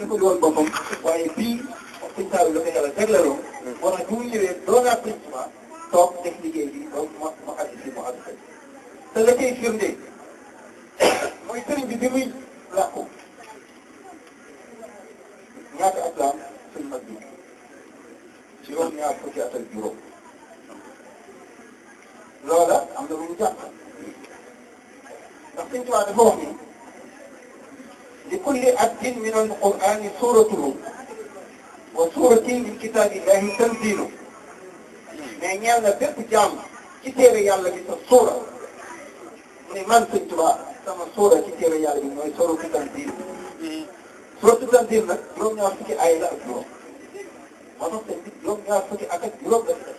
defal woon boppam waaye fii suñ saalu la ko yàlla jagleeloo. moo tax bu mu ñëwee doogaa principal toog def liggéey bi ba ma ma àgg si mu àgg si. te la koy firnde mooy sëriñ bi bi muy làkku ñaata at la am suñ mag bi juróom ñaar fukki at ak juróom loola am na mu jàpp ndax suñ tubaab لكل عبد من القرآن سورته وسورة من كتاب الله تنزيله mais ñeel na bépp jàmm ci téere yàlla bi sa suura mu ne man Sëñ Tuubaa sama suura ci téere yàlla bi mooy suuratu Tanziil suuratu Tanziil nag juróom-ñaar fukki aay la ak juróom moo tax sëñ bi juróom-ñaar fukki ak ak juróom la fi def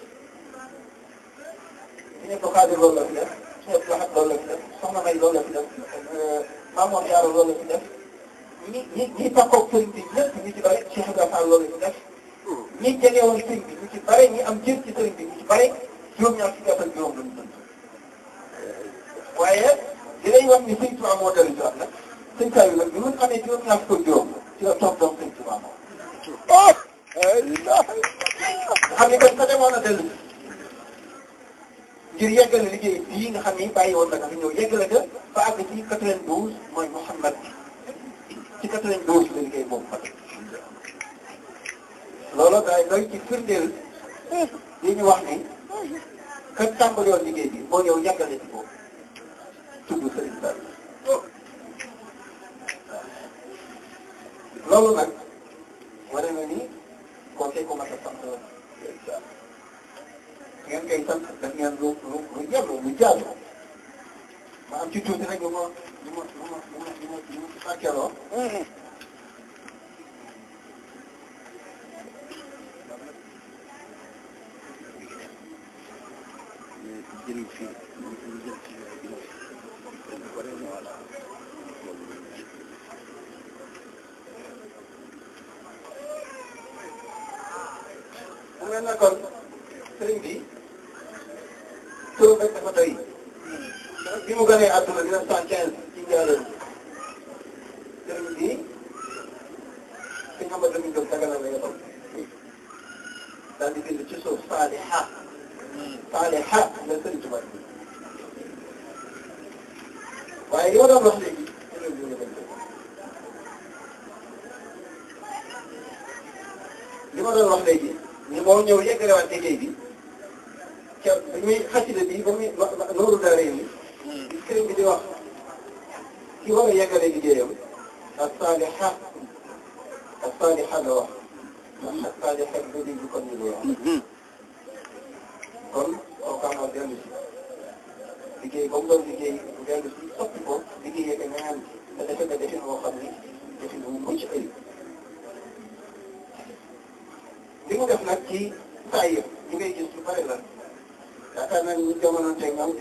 su ñu bokkaale loolu la fi def su ñu waxat loolu la fi def soxna May loolu la fi def Mamour Diarra loolu la fi def ñi ñi ñi takkoog sëriñ bi ñëpp ñu ci bare Cheikh Ibrahima Fall loolu ñu def hmm. ñi jege woon sëriñ bi ñu ci bare ñi am jër ci sëriñ bi ñu ci bare juróom-ñaar ci gàttal juróom lañu dund waaye di lay wax ni sëriñ Tuubaa moo dellu si waat nag sëriñ Saliou nag bi mu amee juróom-ñaar fukk juróom ci la toog doom sëriñ Tuubaa moom oh! xam ne kon sa demoon a dellu ngir yeggale liggéey bii nga xam ne bàyyi woon na ko fi ñëw yeggale ko ba àgg ci 92 mooy Mouhamad bi ci 92 la liggéey boobu Fatick loolu daay doy ci firndeel li ñu wax ni kër tàmbali woon liggéey bi boo ñëw yàggale ci ko tudd Serigne Sall loolu nag wane na ni conseil commencé sant ngeen koy sant daf ngeen lu lu lu yàlla lu ma am ci tuuti rek lu ma lu ma lu ma lu ma lu ma lu ma ci fàkkeloo jël mm-hmm. fi jël fi mu mel na kon sëriñ bi tur rek dafa doy bi mu gënee àdduna 1915 ci di sëriñ bi sëñ Amadou Lamine Diop Dagana la yoroon daal di bind ci suuf Saliha Saliha la sëriñ Tuuba waaye yow doon wax léegi sëriñ bi li ma doon wax léegi ni moo ñëw yeggalewaat liggéey bi ca bi muy xasida bi ba muy nooru dara yi sëriñ bi di wax ki war mu doon liggéey bu ko liggéeyee ko ñaan te defe ko defin boo xam mu def nag ci saa yëpp ngay gis lu bare la yaakaar naa ni jamono tey ñoom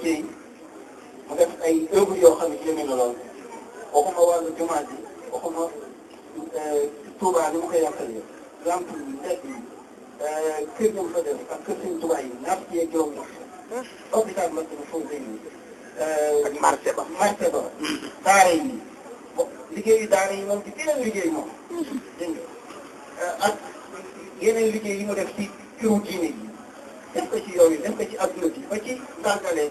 liggéey mu def ay œuvre yoo xam ne jëmee na lool waxuma wàllu jumaa ji waxuma euh, Touba ni mu koy yàqal yi lampe yi teg yi euh, kër ñoom fa def ak kër suñu Touba yi naaf ci yeeg juróom ñax hôpital ma dina foofu day euh, ak marché ba marché ba mm-hmm. daara yi liggéeyu daara yi moom di gënal liggéey moom mm-hmm. dégg nga ak yeneen liggéey yi mu def ci këru diine yi def ko ci yooyu def ko ci adduna bi ba ci ndànkalee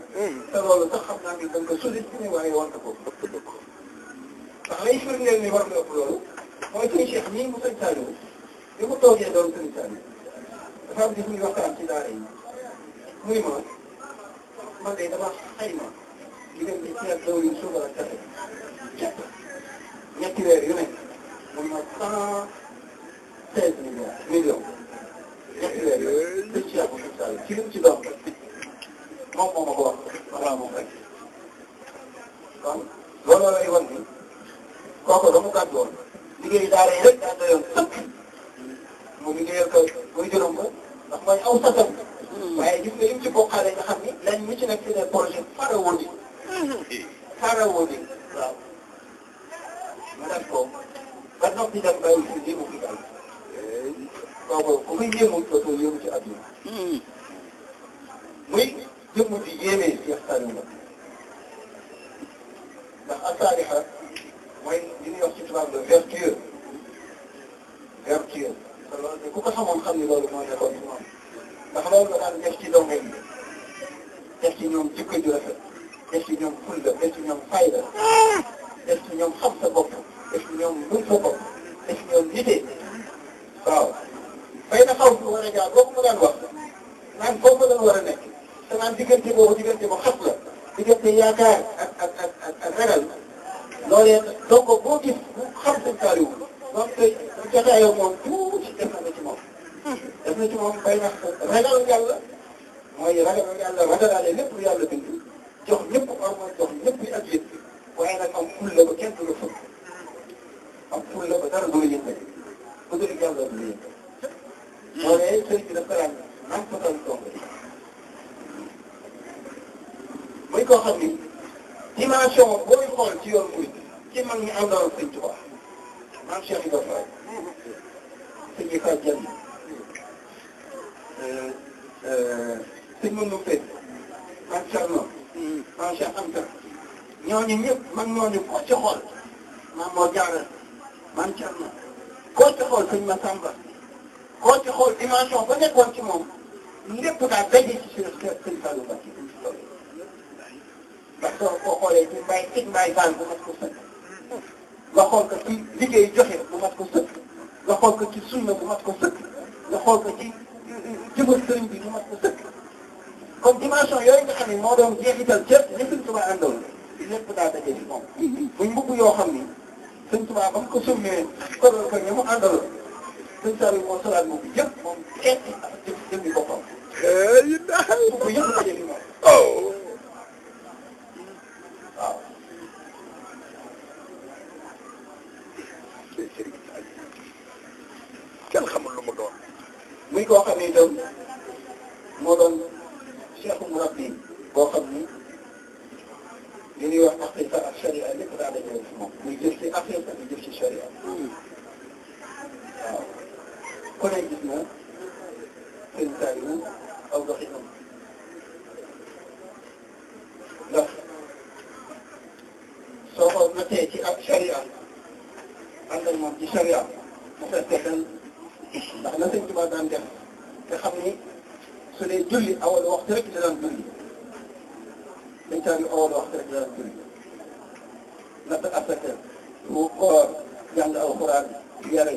te loolu sax xam naa ni da nga ko sous-estimé waaye war na ko ëpp ko ndax lay firndeel ni war na ëpp loolu mooy suñu cheikh mii mu sëñ Saliou bi mu toogee doon sëñ Saliou dafa am di muy waxtaan ci daara yi muy ma man de dama xayma li dem ci ceeb dawlu yu suukar ak café ceeb ñetti weer yu nekk mun na cent seize millions millions loolu liggéeyu daara yi rek daa doyoon sëpp ci doomu yi def ci ñoom jikko ju rafet def ci ñoom fulla def ci ñoom fayda def ci ñoom xam sa bopp def ci ñoom mën sa bopp def ci ñoom nite na xaw war a jaar boobu mu daan wax naan foofu la war a nekk te naan diggante moom tey bu jotaayoo moom tuuti na ci moom def na ci moom bay na ragal yàlla mooy ragal yàlla ragalaale lépp lu yàlla bind jox ñëpp orma jox ñëpp ak yëg waaye nag am ful la ba kenn du la fëkk am ful la ba dara du la yëngati ba gën a yàlla du la yëngati moo ne sëriñ bi daf ko daan nàmpatal doom muy koo xam ni dimension booy xool ci yoon muy ci mag ñi àndoon sëñ Tuubaa maam Cheikh Ibrahima sëñ bi fa jël sëñ Maodo Faye ak Thierno. ak Cheikh Anta. ñooñu ñëpp man ñooñu koo ci xool maam moo jaaral ma Thierno koo ci xool ma Massamba koo ci xool dimension ba nekkoon ci moom lépp daa daje ci suñu sëñ Fallou Mbacké bi ñu toll. ndax soo ko xoolee ci mbay ci mbay baan bu mat ko sëkk nga xool ko ci liggéey joxe bu mat ko sëkk nga xool ko ci sunna bu mat ko sëkk nga xool ko ci jubal sëriñ bi bu mat ko sëkk. kon dimension yooyu nga xam ne moo doon jeexital cëpp li Sëñ Tuubaa àndoon lépp daa daje ci moom. muy mbubb yoo xam ni Sëñ Tuubaa ba mu ko summee kodol ko ña mu àndaloon Sëñ Saaliw bi moo solaat mbubb yëpp moom xeet ci jëmmi boppam. yi daal mbubb yëpp daje ci moom. waaw. kenn xamul lu mu doon. muy koo xam ne itam moo doon. xam ni li ñuy wax aqiqa ak sharia lépp daa dajale ci moom muy jëf ci aqiqa di jëf ci sharia waaw ku ne gis na seen taalibu aw doxinam ndax soo ko nattee ci ak sharia ànd ak moom ci sharia mu fekk xel ndax la sëñ Tuubaa daan def te xam ni su dee julli awal waxtu rek la daan julli dañ caa di ool wax rek daal di natt asaka mu koor jàng alxuraan yare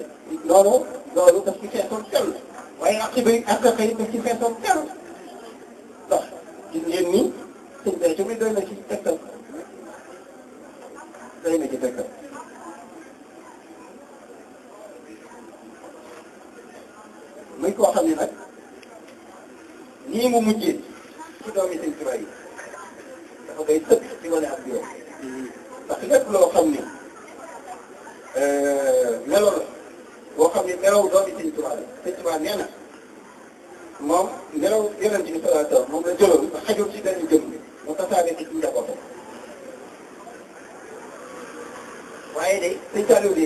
loolu loolu daf ci feesoon kenn waaye aqiba yi asaka yi daf ci feesoon kenn ndax gis ngeen ni suñ bee ci muy doy na ci tegtal doy na ci tegtal muy koo xam ne nag nii mu mujjee ci doomi seen tubaab yi dafa koy tënk ci wane ak yoon ndax lépp loo xam ni euh, melo la boo xam ni melawu doomi Sëñ Tuubaa moom melawu yeneen ci bi salaata moom la jëloon ba xajul ci benn jëm bi mu tasaare ci ci njabootam waaye day Sëñ Saliou de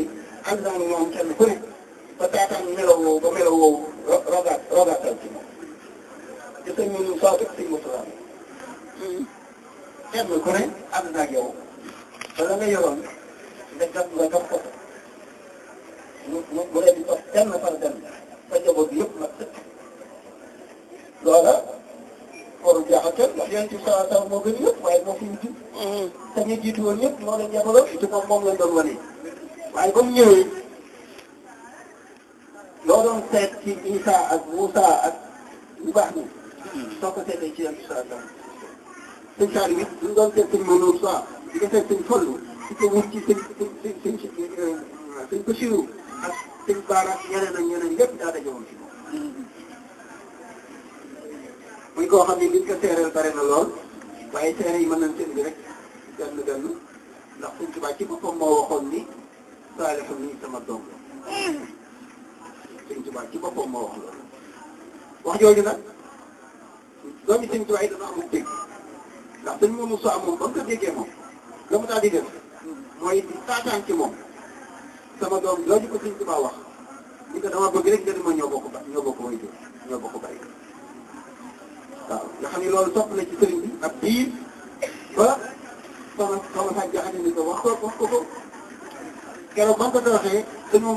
na moom kenn ku ne ba taataan melaw woowu ba melaw woowu rogaat rogaatal ci moom te sëñ mënul soo teg sëñ Moussa seetlu ku ne ànd naag yow ba la nga yoroon nga jot nga jox ko mu mu mu leen di jox benn par benn ba njaboot bi yëpp la tëj loola warul jaaxal kenn ndax yéen ci saa saa moo gën yëpp waaye moo fi jiitu. Mm-hmm. te ñu jiitu woon yëpp moo leen jàppaloon ci moom moom lañ doon wane waaye ba mu ñëwee loo doon seet ci Isa ak Moussa ak lu baax ni mm-hmm. soo ko seetee ci yéen ci saa saa sëñ Saliou it ñu doon seet sëñ Mansour Sy di ko seet sëñ Fallou di ko wut ci sëñ sëñ sëñ sëñ Bassirou lépp daa dajewoon ci muy koo xam ne liñ ko seereel na lool waaye seere yi mën nañ seen bi ci boppam moo waxoon ni Saalihu nii sama doom la sëñ Tuubaa ci boppam moo wax loolu wax jooju nag doomi sëñ Tuubaa yi dana amul dégg. ndax dañ moom Moussa moom ba mu ko déggee moom la mu daal di def mooy taataan ci moom sama doom jooju ko Sëñ Tuubaa wax ni ko dama bëgg rek nga dama ñoo bokk ba ñoo bokk way jur ñoo bokk bàyyi waaw nga ne na ci sëriñ bi ab diir ba sama sama sax jaxate ni ko wax ko moom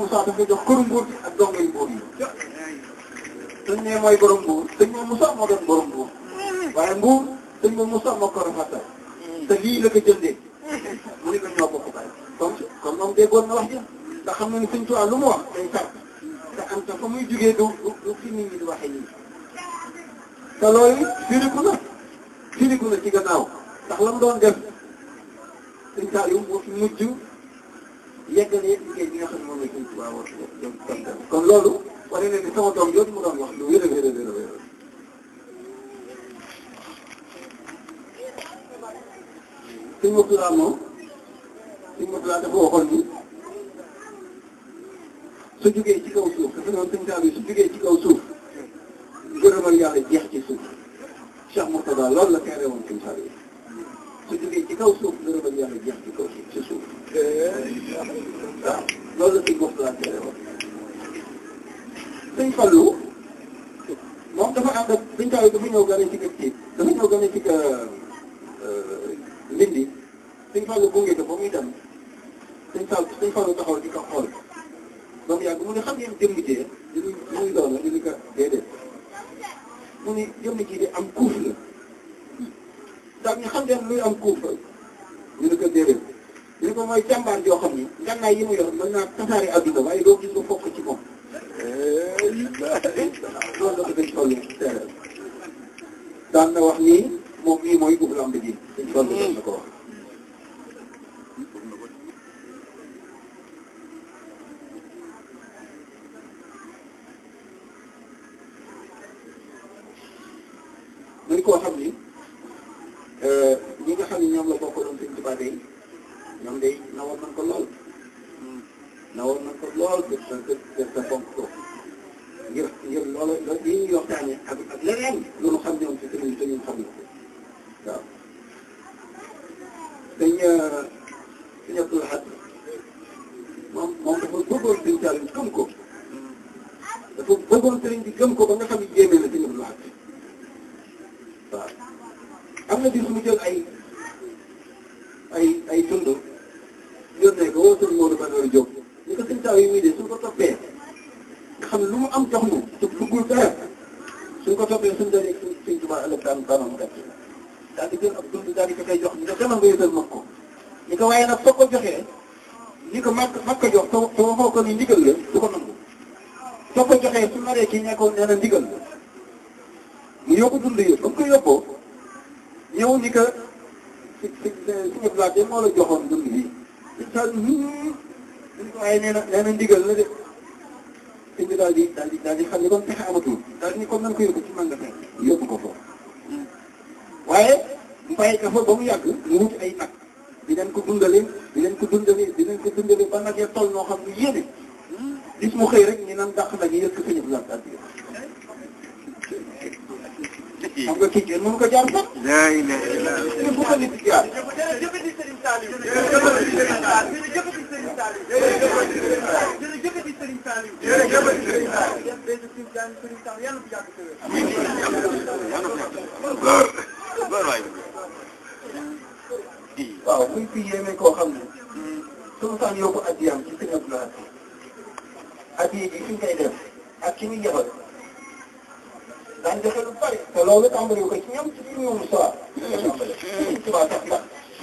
Moussa dafa jox këru nguur gi ak dongay nguur yi sëñ ne mooy borom moom doon borom nguur waaye nguur dañ ma mos a mokk rafetal mm. te lii la ko jëndee mu ne ko ñoo ko ko bàyyi comme na wax ja te xam na ni suñ tuwaa lu mu wax day tar te am te fa muy jugee du fi nit ñi di waxee nii te loolu firiku na firiku na ci gannaaw ndax la mu doon def suñ taal yu mu mujj yeggale yëpp liggéey bi nga xam ne moom la suñ tuwaa wax sama doom yooyu mu doon wax lu wér a wér a suñ Murtala moom suñ Murtala dafa waxoon ni su jugee ci kaw suuf dafa noonu suñ taal bi su jugee ci kaw suuf gërëmal yàlla jeex ci suuf Cheikh Murtala loolu la tere woon suñ taal bi su jugee ci kaw suuf gërëmal yàlla jeex ci kaw suuf nit ñi suñ faalu gunge ko ba muy dem suñ faalu suñ faalu taxaw di ko xool ba mu yàgg mu ne xam ngeen jëmm jee li muy li muy doon la li muy ko déedéet mu ne jëmm ji di am kuuf la daal ñu xam ngeen luy am kuuf la ñu ne ko déedéet ñu ne ko mooy jàmbaar joo xam ni gànnaay yi mu yor mën naa tasaare adduna waaye doo gis lu fokk ci moom. loolu la ko dañ toll teeral daan na wax nii moom mii mooy ubbi lamb ji dañ toll am na bis mu jël ay ay ay tund yónnee ko woo sëñ Modou Badara Diop ñu ko sëñ taw muy de suñ ko toppee nga xam lu mu am jox ñu te duggul dara suñ ko toppee suñ dalee suñ suñ tubaab ëllëg daan baanam gàtt daal di jël ab dund daal di ko koy jox ñu ko demal nga yëgal mag ko ñu ko waaye nag ko joxee ñi ko mag ko jox soo kii nekkoon nee na ndigal mu yóbbu dund yëpp ba mu ko yóbboo yow ni que si si si ñëpp de moo la joxoon dund bi si saal waaye nee na nee na ndigal la de sëñ bi daal di daal di daal di xam ne kon pexe amatul daal ni comme nan ko yóbbu ci magasin yóbbu ko foofu waaye mbay ka fa ba mu yàgg mu wut ay nag di leen ko dundale di leen ko dundale di leen ko dundale ba nag ya toll noo xam ne yéene gis mu xëy rek ñu nan dàq nag yi yëkk sëñ bi daal di kii xam nga kii kenn mënu ko jaar sax. laa ilaaha illallaah. bu ko nit ki jaar. jërëjëfati Serigne Saliou. jërëjëfati Serigne Saliou. jërëjëfati Serigne Saliou. jërëjëfati Serigne Saliou. muy fii daan joxe lu bari te loolu tàmbali ko na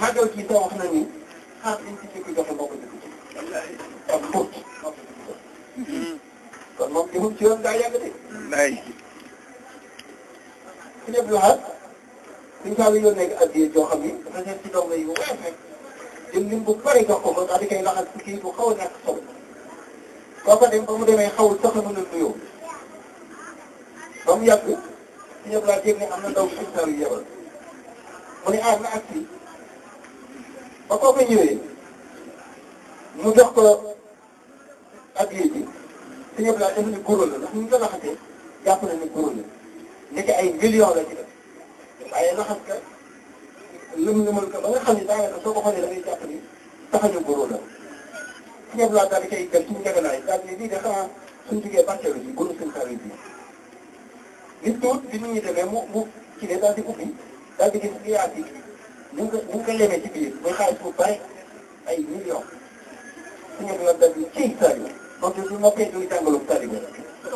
màggal ci sa wax na ni xaar liñ ci jëkk joxe moo ko jëkk ci. ak ci yoon daa de. yu yónnee ak addiya ko xaw a dem ba mu demee xawul sax mënul nuyoo. ba mu yàgg si ñëpp laa ne am na ndaw si saa ah, na ak si ba kooku ñëwee mu jox ko ak yéeg bi si ñëpp laa def ni goro la ndax ñu ko laxatee jàpp na ni goro la ndeke ay millions la ci def waaye laxas ka lëm lëmal ba nga xam ne daanaka soo ko xoolee da ngay jàpp ni taxañu goro la si ñëpp laa daal di koy def suñu njëgalaay daal di lii de xanaa suñu jugee barkeelu si goro suñu xarit bi. gis nga wut bi nu ñuy defee mu mu ci ne daal di ubbi daal gis xiyaas yi ñu ngi ko ñu ngi ko lemee ci biir muy xaalis bu bari ay millions suñu la dal di ciy sari donc du noppee duy jàngalu sari bi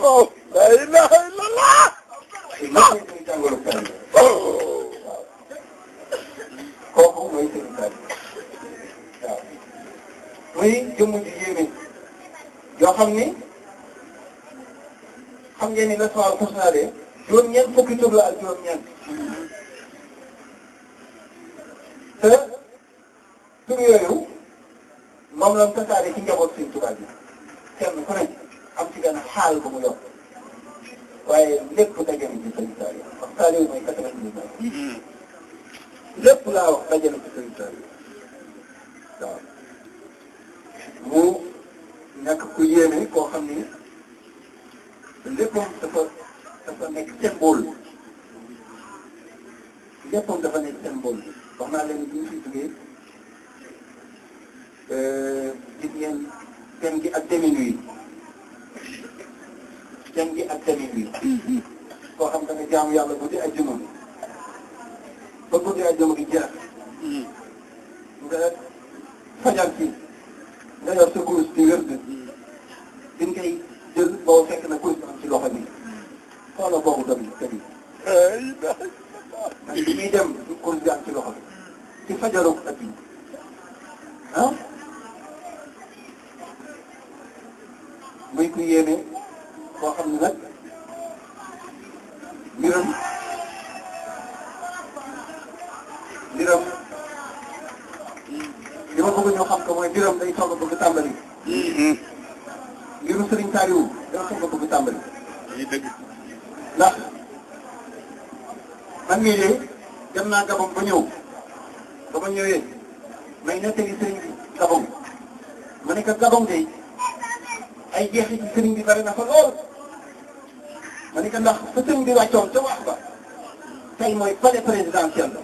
oh la ilaha illallah du noppee duy jàngalu sari waaw oh! kooku mooy sëñ sari waaw muy jëmm ji yéeme yoo xam ni xam ngeen ni la soxal juróom-ñeent fukki tur la ak juróom-ñeent te tur yooyu moom la mu tasaare ci njaboot Sëriñ Tuubaa bi kenn ku ne am ci benn xaal bu mu yor waaye lépp dajale ci Sëriñ Tuubaa yi wax taale mooy lépp laa wax dajale ci Sëriñ mu nekk ku yéeme koo xam ni léppam dafa. dafa nekk symbole léppam dafa nekk symbole wax naa leen bu ñu fi jugee gis euh, ngeen thème gi ak demin wi thème gi ak demin wi koo xam ne jaamu yàlla guddi ajjuma ba guddi ajjuma gi jeex nga fajal ci nga yor sa kurus di wér jël boo na kurus am ci loxo bi solo boobu dem dem na. li muy dem du ko jàng ci loxo bi ah? muy ku yéene koo xam ne nag mbiram mbiram li ma bëgg ñoo xam ko mooy mbiram day soog a bëgg tàmbali. Mm-hmm. mbiru Serigne Saliou day soog a tàmbali. ndax man mii de dem naa Gabon ba ñëw ba ma ñëwee may nettali sëriñ bi Gabon ma ne ko Gabon de ay jeexi ci sëriñ bi bari na fa lool ma ne ko ndax fa sëriñ bi wàccoon ca wax ba tey mooy palais présidentiel la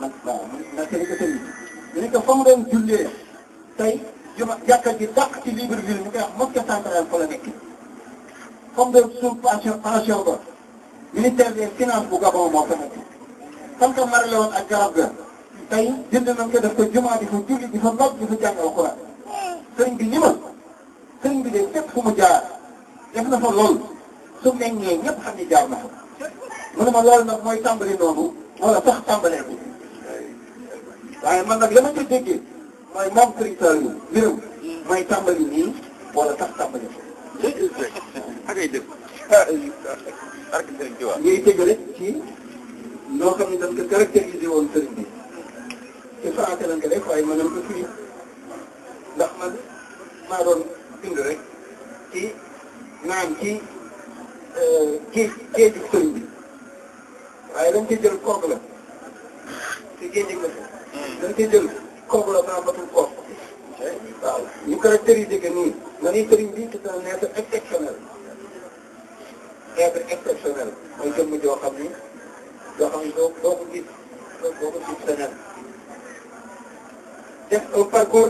man waaw man sëriñ ko bi ma ne fa mu doon jullee tey juma jàkka ji dàq ci Libreville ñu koy wax mosquée centrale fa la nekk xam nga suuf pension pension ba ministère des finances bu Gabon moo ko nekk xam nga mara ak garab ga tey jënd nañ ko def ko jumaa di fa julli di fa nopp di fa jàng alxuraan sëriñ bi ñi ma sëriñ bi de fépp fu mu jaar def na fa lool su meññee ñëpp xam ni jaar na fa mu ne loolu nag mooy tàmbali noonu wala sax tàmbalee ko waaye man nag la ma ca déggee mooy moom sëriñ Saliou mbiram mooy tàmbali nii wala sax tàmbali ko ak ay dëkk. ak sëriñ Tuubaa. ñuy tegale ci loo xam ne dañ ko caractérisé woon sëriñ bi te fa ak lañ ko def waaye maanaam ko firi ndax man maa doon bind rek ci naan ci géej géej gi sëriñ bi waaye dañ koy jël kooku la te géej gi nga ko. Hmm. dañ koy jël kooku la maa batul kooku. waaw ñu caractériser que nii nga ni sëriñ bi c'est un être exceptionnel être exceptionnel mooy jëmm joo xam ni joo xam ko gis doo ko def un parcours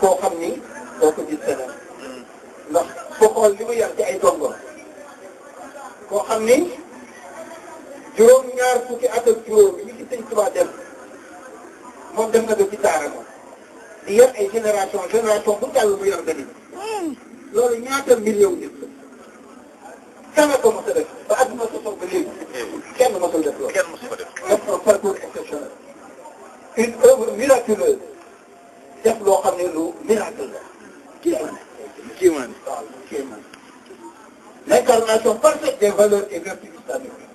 koo xam ni doo ko gis seneen boo xool li ay dongo koo xam ni juróom ñaar fukki at ak juróom yi ci sëñ Tuubaa dem moom dem na ci taara yor ay génération génération bu tawee mu yor benn hmm. loolu ñaata million nit la ko mos a def ba adduna sosoo ba léegi kenn mosul def loolu kenn mosul ko def def un parcours exceptionnel une œuvre miraculeuse def loo xam ne lu miracle la kéemaan kéemaan waaw kéemaan l'incarnation parfaite des valeurs et vertus islamiques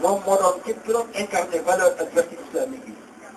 moom moo doon képp ki doon incarné valeur ak vertu islamique yi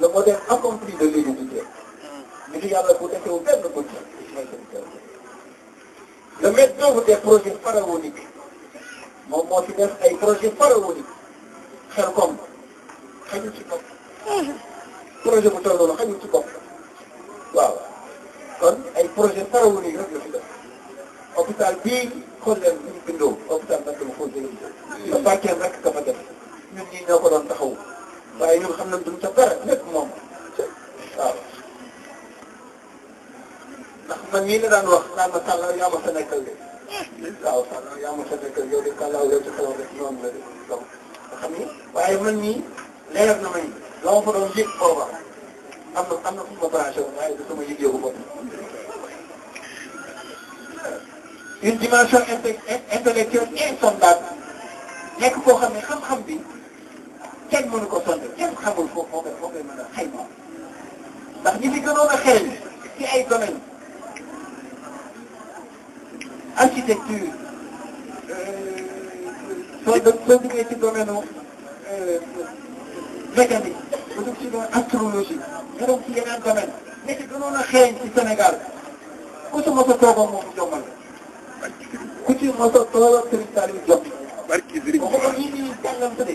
le modèle accompli de l'humilité. Mais il y a le côté qui est ouvert de côté. Le maître d'œuvre des projets pharaoniques. Mon mot est un projet pharaonique. C'est comme. xajul ci bopp. projet pour tout bu toll noonu xajul ci bopp. waaw kon un projet pharaonique rek la fi def. hôpital bii xool leen bu ñu bindoo hôpital nag dama ko jëlee. ba bàcceel rek ka fa def. ñun ñii ñoo ko doon taxawu. waaye ñun xam nañ duñ ca dara lépp moom waaw ndax man mii la daan wax naan ma Talla yaa ma sa nekkal de waaw Talla yaa ma sa nekkal yow de Talla yow ci xelam rek noonu la de donc nga xam ni waaye man mii leer na ma ni loo fa doon yëg booba am na am na fu ma branché woon waaye du sama yëg-yëgu bopp une dimension inte intellectuelle insondable nekk koo xam ne xam-xam bi. kenn mënu ko sondé kenn xamul foofu foo koy foo koy mën a xayma ndax ñi fi gënoon a xeeñ ci ay domaines architecture euh, soo dem soo duggee ci domaine euh, mécanique bu dugg ci domaine astrologie nga dem ci yeneen domaine ñi fi gënoon a xeeñ ci Sénégal ku ci mos a toogoo jommal ku ci mos a toogoo Serigne Saliou Diop. barki Serigne Saliou waxuma ñi ñuy jàngante de.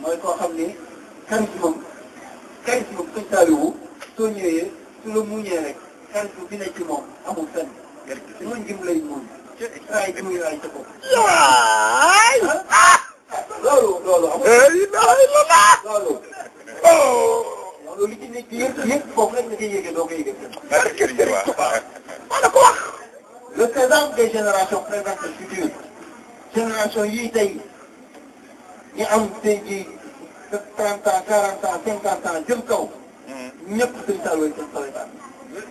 mooy koo xam ne charisme am charisme bu sëñ Saliou soo ñëwee su la muñee rek charisme bi nekk ci moom amul fenn. muñ gi mu lay muñ. ay gi muy ay sa bopp. Ah! loolu loolu amul. Eh, loolu. Oh! loolu li ci nekk yëpp yëpp foofu rek nga koy yëgee doo koy yëgee. waaw ko wax. le présent des générations prévient le futur. génération yii tey. je am 30 ans 40 ans 50 ans jëm kaw. je sëñ Saalum lañ jëm Saalum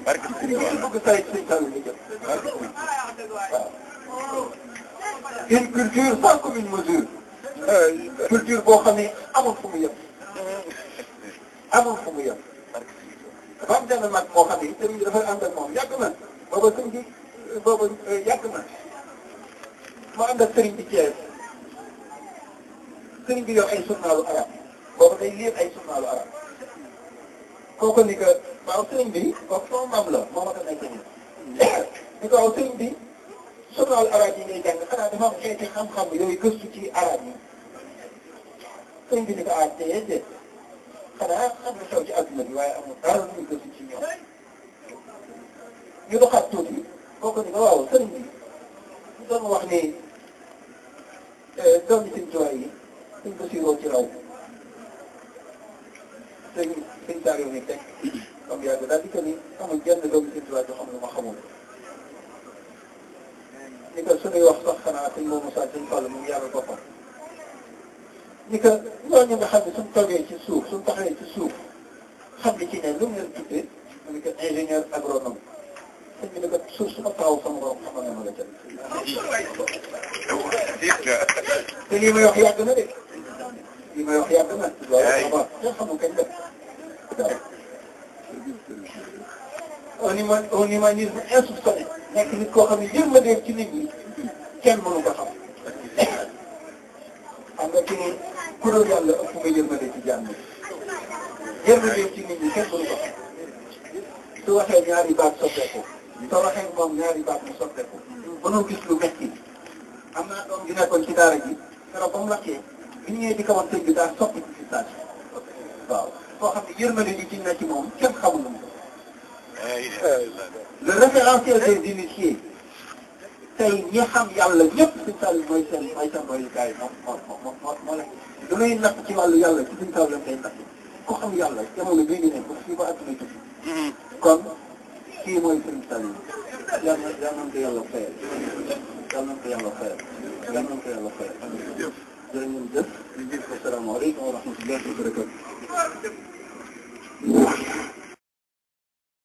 barke sëñ Saalum ñu bëgg Saalum sëñ Saalum lañ jëm. barke une culture sans commune mesure. Euh, culture boo xam amul fu mu hmm. amul fu mu té ak na sëñ euh, na sëriñ bi yor ay journalu arab boobu day liir ay journalu arab kooku ni que waaw sëriñ bi kooku sama maam la moo ma ko nekk nii. ni ko waaw sëriñ bi journalu arab yi ngay jàng xanaa dafa am xeeti xam-xam yooyu gëstu ci arab yi sëriñ bi ni ko ah déedéet xanaa xam ci adduna bi lu muy gëstu ci kooku ni ko waaw sëriñ bi wax ni eh, doomi seen joy yi. suñ ko siiwoo ci raw sëñ sëñ Saliou ni teg comme yàgg daal di ko ni amul jenn doomu sëñ Tuubaa du xam lu ma xamul ni ko suñuy wax sax xanaa sëñ Momu Saa sëñ Fall mu yàlla boppam ni ko ñooñu nga xam ne suñ toogee ci suuf suñ taxawee ci suuf xam li ci ne lu mu leen tuddee mu ni ko ingénieur agronome sëñ bi ni ko suuf su ma taxaw sama borom xamal na ma la jël te lii may wax yàgg na de لما يحيى بنا التجارة تفهموا كده هونيمانيزم اسف صحيح لكن الكوخة غير ما يمكنني كملوا بخاف لكن كل يلا أفهم غير ما يمكنني غير ما يمكنني كملوا بخاف سواء كان ياري بعد صدقه سواء كان مام ياري بعد مصدقه ونوكس له مكين أما أم جناكم كدارة جي ترى بملكين bi ñëwee di kawar sëñ bi daal soppi ko si saa waaw koo xam ne yërmande ji ci na ci moom kenn xamul moom. le référentiel des initiés tey ñi xam yàlla ñëpp suñu taal bi mooy seen mooy seen royukaay yi moom moom moo moo la lu nuy natt ci wàllu yàlla ci suñu taal lañ koy natt ku xam yàlla jamono bii ñu ne ba fii ba adduna tukki kon kii mooy suñu taal yi yal na yal nañ ko yàlla fayal yal nañ ko yàlla fayal yal nañ ko yàlla fayal زي ما ده السلام عليكم ورحمة الله وبركاته